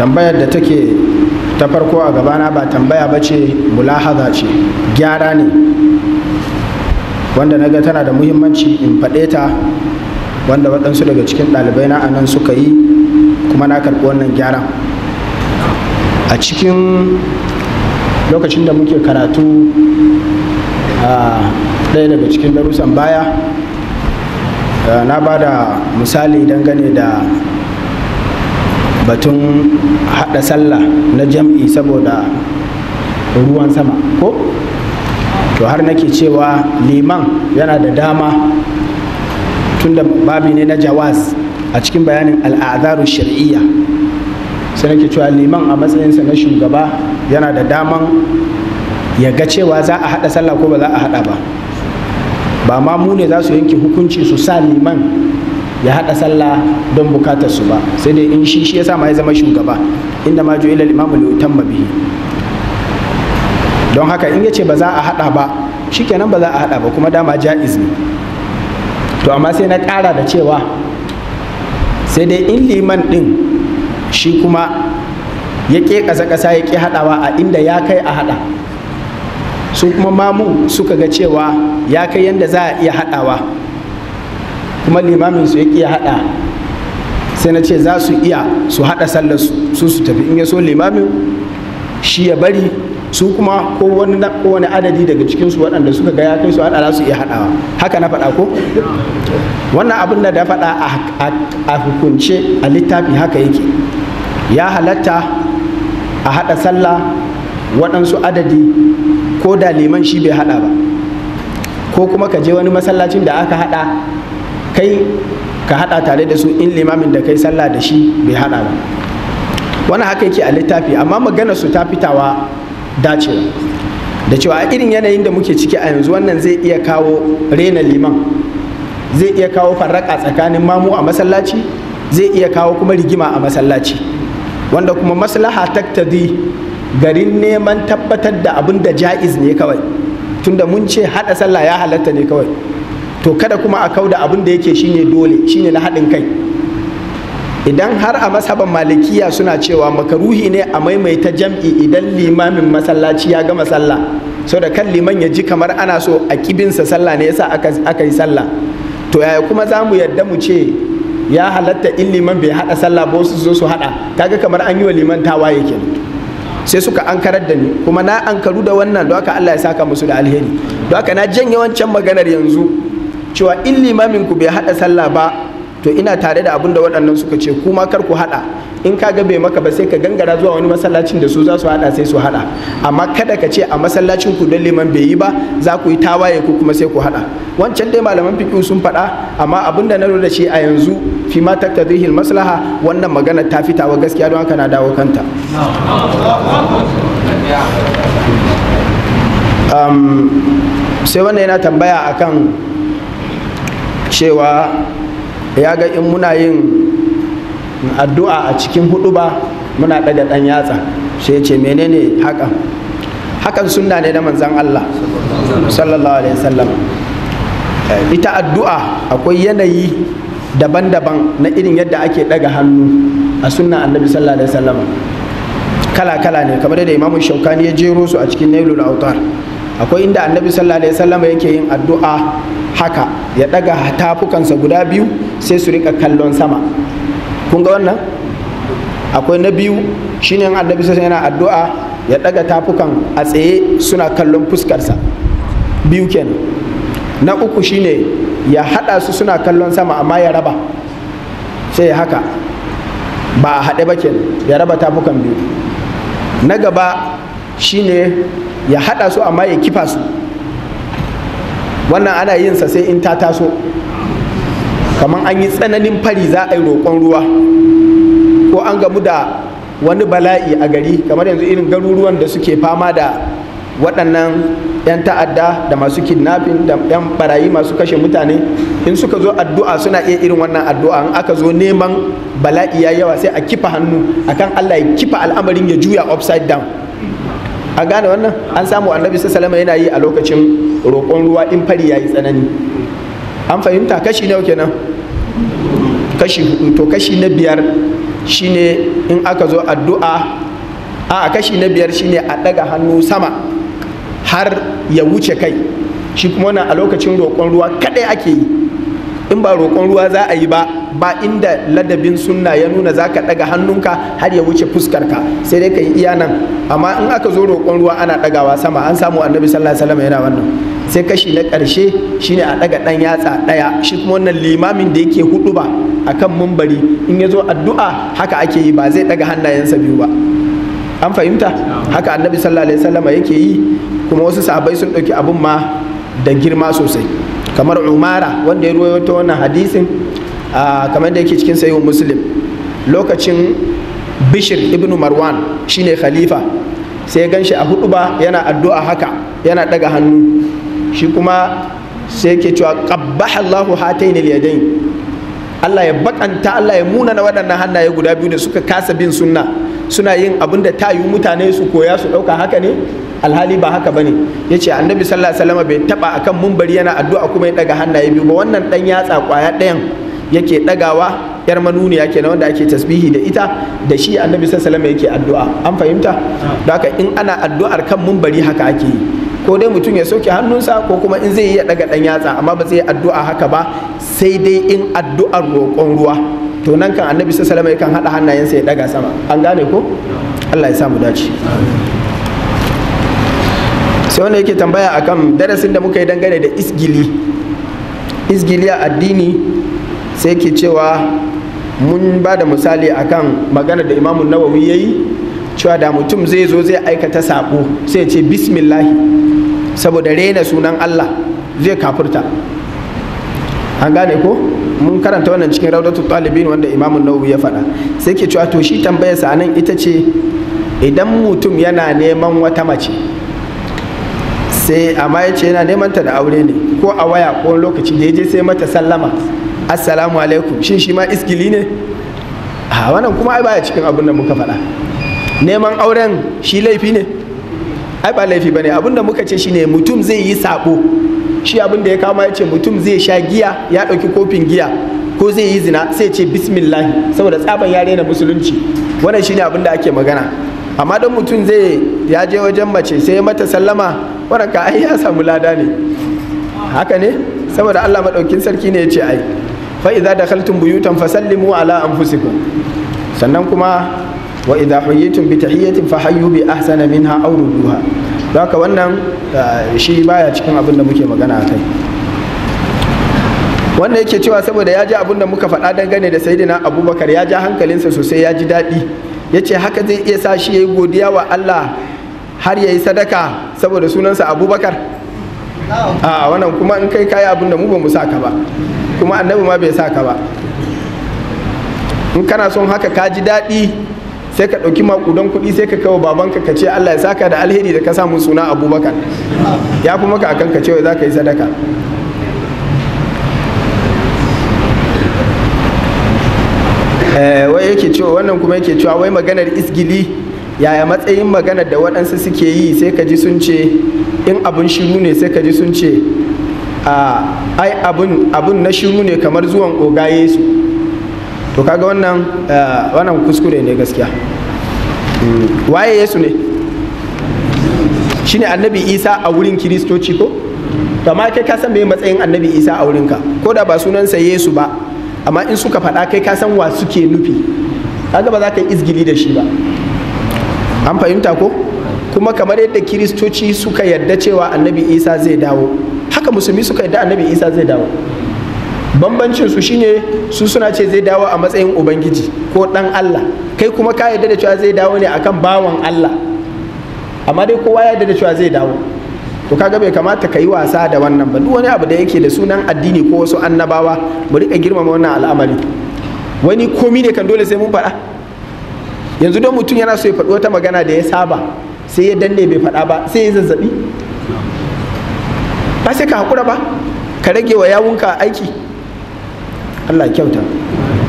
tambayar da take ta farko a gabana ba tambaya ba ce mulahaza ce gyara ne wanda naga tana da muhimmanci in faɗe ta wanda waɗansu daga cikin ɗalibai na anan suka yi kuma na karɓi wannan gyaran a cikin lokacin da muke karatu a ɗaya daga cikin darussan baya na ba da misali dangane da batun hada sallah na jam'i saboda ruwan sama ko to har nake cewa liman yana da dama tunda babi ne na jawaz a cikin bayanin al'adaru shari'iyya sai nake cewa liman a matsayinsa na shugaba yana da daman ya ga cewa za a hada sallah ko ba za a hada ba ba ma mu ne za su yanke hukunci su sa liman ya haɗa sallah don bukatar su ba sai dai in shi shi ya ma ya zama shugaba inda ma ju'ila al-imamu li utamma don haka in yace ba za a haɗa ba shikenan ba za a haɗa ba kuma dama ja'iz ne to amma sai na ƙara da cewa sai dai in liman ɗin shi kuma ya ƙe ƙasa-ƙasa ya ke haɗawa a inda ya kai a haɗa su kuma mamu suka ga cewa ya kai yanda za a iya haɗawa kuma limamin su yake hada sai na ce za su iya su hada sallar su su tafi in ya so limamin shi ya bari su kuma ko wani adadi daga cikinsu waɗanda suka ga ya kai su haɗa su iya haɗawa haka na faɗa ko wannan abin da da faɗa a hukunce a littafi haka yake ya halatta a haɗa sallah waɗansu adadi ko da liman shi bai haɗa ba ko kuma ka je wani masallacin da aka haɗa kai ka hada tare da su in limamin da kai sallah da shi bai hada ba wani haka yake a littafi amma magana su ta fitawa dacewa da cewa a irin yanayin da muke ciki a yanzu wannan zai iya kawo rena liman zai iya kawo farraka tsakanin mamu a masallaci zai iya kawo kuma rigima a masallaci wanda kuma maslaha taktadi garin neman tabbatar da abin da ja'iz ne kawai tunda mun ce hada sallah ya halatta ne kawai to kada kuma a kauda abin da yake shine dole shine na haɗin kai idan har a mashaban malikiya suna cewa makaruhi ne a maimaita jam'i idan limamin masallaci ya gama sallah so da kan liman ya ji kamar ana so a kibinsa sallah ne yasa aka yi sallah to yaya kuma za mu yadda mu ce ya halatta in liman bai haɗa sallah ba su zo su haɗa kaga kamar an yi wa liman tawaye ke. sai suka ankarar da ni kuma na ankaru da wannan don haka Allah ya saka musu da alheri don na janye wancan maganar yanzu cewa in limamin ku bai hada sallah ba to ina tare da abun da waɗannan suka ce kuma kar ku hada in ka ga bai maka ba sai ka gangara zuwa wani masallacin da su za su hada sai su hada amma kada ka ce a masallacin ku don liman bai yi ba za ku yi tawaye ku kuma sai ku hada wancan dai malaman fiqh sun faɗa amma abin da na lura da shi a yanzu fi ma taktadihil maslaha wannan magana ta fita wa gaskiya don haka na dawo kanta sai wannan yana tambaya akan cewa ya ga in muna yin addu'a a cikin hudu ba muna ɗaga ɗan yatsa sai ce menene hakan hakan sunna ne na manzan Allah sallallahu alaihi wasallam ita addu'a akwai yanayi daban-daban na irin yadda ake ɗaga hannu a sunna annabi sallallahu alaihi wasallam kala-kala ne kamar da imamu shaukani ya jero su a cikin nailul autar akwai inda annabi sallallahu alaihi wasallam yake yin addu'a haka ya daga tafukansa guda biyu sai su rika kallon sama kun ga wannan akwai na biyu shine in annabi sai yana addu'a ya daga tafukan a tsaye suna kallon fuskarsa biyu kenan na uku shine ya hada su suna kallon sama amma ya raba sai ya haka ba a haɗe ba kenan ya raba tafukan biyu na gaba shine ya hada su amma ya kifa su wannan ana yin sa sai in ta taso kamar an yi tsananin fari za a yi roƙon ruwa ko an gamu da wani bala'i a gari kamar yanzu irin garuruwan da suke fama da waɗannan 'yan ta'adda da masu kidnapping da 'yan barayi masu kashe mutane in suka zo addu'a suna iya irin wannan addu'a in aka zo neman bala'i ya yawa sai a kifa hannu akan Allah ya kifa al'amarin ya juya upside down a gane wannan an samu annabi sallallahu yana yi a lokacin roƙon ruwa in fari ya yi tsanani an fahimta kashi nawa kenan kashi hudu to kashi na biyar shine in aka zo addu'a a kashi na biyar shine a ɗaga hannu sama har ya wuce kai shi kuma na a lokacin roƙon ruwa kadai ake yi in ba roƙon ruwa za a yi ba ba inda ladabin sunna ya nuna za ka ɗaga hannunka har ya wuce fuskarka sai dai ka yi iya nan amma in aka zo roƙon ruwa ana ɗagawa sama an samu annabi sallallahu alaihi wasallam yana wannan sai kashi na ƙarshe shine a ɗaga ɗan yatsa ɗaya shi kuma wannan limamin da yake hudu ba a kan mumbari in ya zo addu'a haka ake yi ba zai ɗaga hannayensa biyu ba an fahimta haka annabi sallallahu alaihi wasallama yake yi kuma wasu sahabbai sun ɗauki abun ma da girma sosai kamar umara wanda ya ruwaito wannan hadisin kamar da yake cikin sayyid muslim lokacin bishir ibnu marwan shine khalifa sai ya gan shi a hudu ba yana addu'a haka yana ɗaga hannu shi kuma sai ke cewa qabbaha Allahu hatayn al-yadayn Allah ya bakanta Allah ya muna na waɗannan hannaye guda biyu da suka kasa bin sunna suna yin abin da ta tayu mutane su koya su ɗauka haka ne alhali ba haka ba bane yace annabi sallallahu alaihi wasallam bai taba akan mumbari yana addu'a kuma ya daga hannaye biyu ba wannan ɗan yatsa kwaya ɗayan yake ɗagawa yar manuniya kenan wanda ake tasbihi da ita da shi annabi sallallahu alaihi wasallam yake addu'a an fahimta don haka in ana addu'ar kan mumbari haka ake yi ko dai mutum ya soke hannunsa ko kuma in zai iya daga dan yatsa amma ba zai yi addu'a haka ba sai dai in addu'ar roƙon ruwa to nan kan annabi sallallahu alaihi kan hada hannayensa ya daga sama an gane ko Allah ya samu dace sai wanda yake tambaya akan darasin da muka yi dangane da isgili isgili a addini sai ke cewa mun ba da misali akan magana da imamun nawawi ya yi cewa da mutum zai zo zai aikata saƙo, sai ce bismillahi saboda rena sunan Allah zai kafurta an gane ko mun karanta wannan cikin raudatul talibin wanda imamun nawawi ya faɗa sai ke cewa to shi tambayar sa nan ita ce idan mutum yana neman wata mace sai amma ya ce yana neman ta da aure ne ko a waya ko lokaci da je sai mata sallama assalamu alaikum shin shi ma iskili ne a wannan kuma ai baya cikin abin da muka faɗa neman auren shi laifi ne ai ba laifi bane abinda muka ce shine mutum zai yi sabo shi abinda ya kama ya ce mutum zai sha giya ya ɗauki kofin giya ko zai yi zina sai ce bismillah saboda tsaban yare na musulunci wannan shine abin da ake magana amma don mutum zai ya je wajen mace sai ya mata sallama wannan ka ai ya samu lada ne haka ne saboda Allah madaukin sarki ne ya ce ai fa idza dakhaltum buyutan fasallimu ala anfusikum sannan kuma wa idza hayyitum bi tahiyyatin fa hayyu bi ahsana minha aw rudduha haka wannan ah, shi baya cikin abin da muke magana akai wanda yake cewa saboda ya ji abin da muka faɗa dangane da sayidina abubakar ya ja hankalinsa sosai ya ji daɗi ya haka zai iya sa shi ya yi godiya wa allah har ya yi sadaka saboda sunansa abubakar a wannan kuma in kai kayi abin da mu ba mu sa ba kuma annabi ma bai sa ka ba in kana son haka ka ji daɗi sai ka ɗauki makudan kuɗi sai ka kawo babanka ka ce Allah ya saka da alheri da ka samu suna abubakar ya fi maka akan ka cewa za ka yi sadaka eh, wai yake cewa wannan kuma yake cewa wai maganar isgili yaya matsayin maganar da waɗansu suke yi sai ka ji sun ce in abin shiru ne sai ka ji sun ce ah, ai abin na shiru ne kamar zuwan oga yesu to kaga wannan eh, wannan kuskure ne gaskiya hmm, waye yesu ne shine annabi isa a wurin kiristoci ko amma kai ka san me matsayin annabi isa a wurinka ko da ba sunansa yesu ba amma in suka faɗa kai ka san wa suke nufi kaga ba za ka yi izgili da shi ba an fahimta ko kuma kamar yadda kiristoci suka yarda cewa annabi isa zai dawo haka musulmi suka yarda annabi isa zai dawo bambancin su shine su suna ce zai dawo a matsayin ubangiji ko dan Allah kai kuma ka yarda da cewa zai dawo ne akan bawan Allah amma dai kowa ya yarda da cewa zai dawo to kaga bai kamata ka yi wasa da wannan ba duk wani abu da yake da sunan addini ko wasu annabawa mu rika girmama wannan al'amari wani komi ne kan dole sai mun faɗa yanzu don mutum yana so ya faɗi wata magana da ya saba sai ya danne bai faɗa ba sai ya zazzabi ba sai ka haƙura ba ka rage wa yawunka aiki Allah kyauta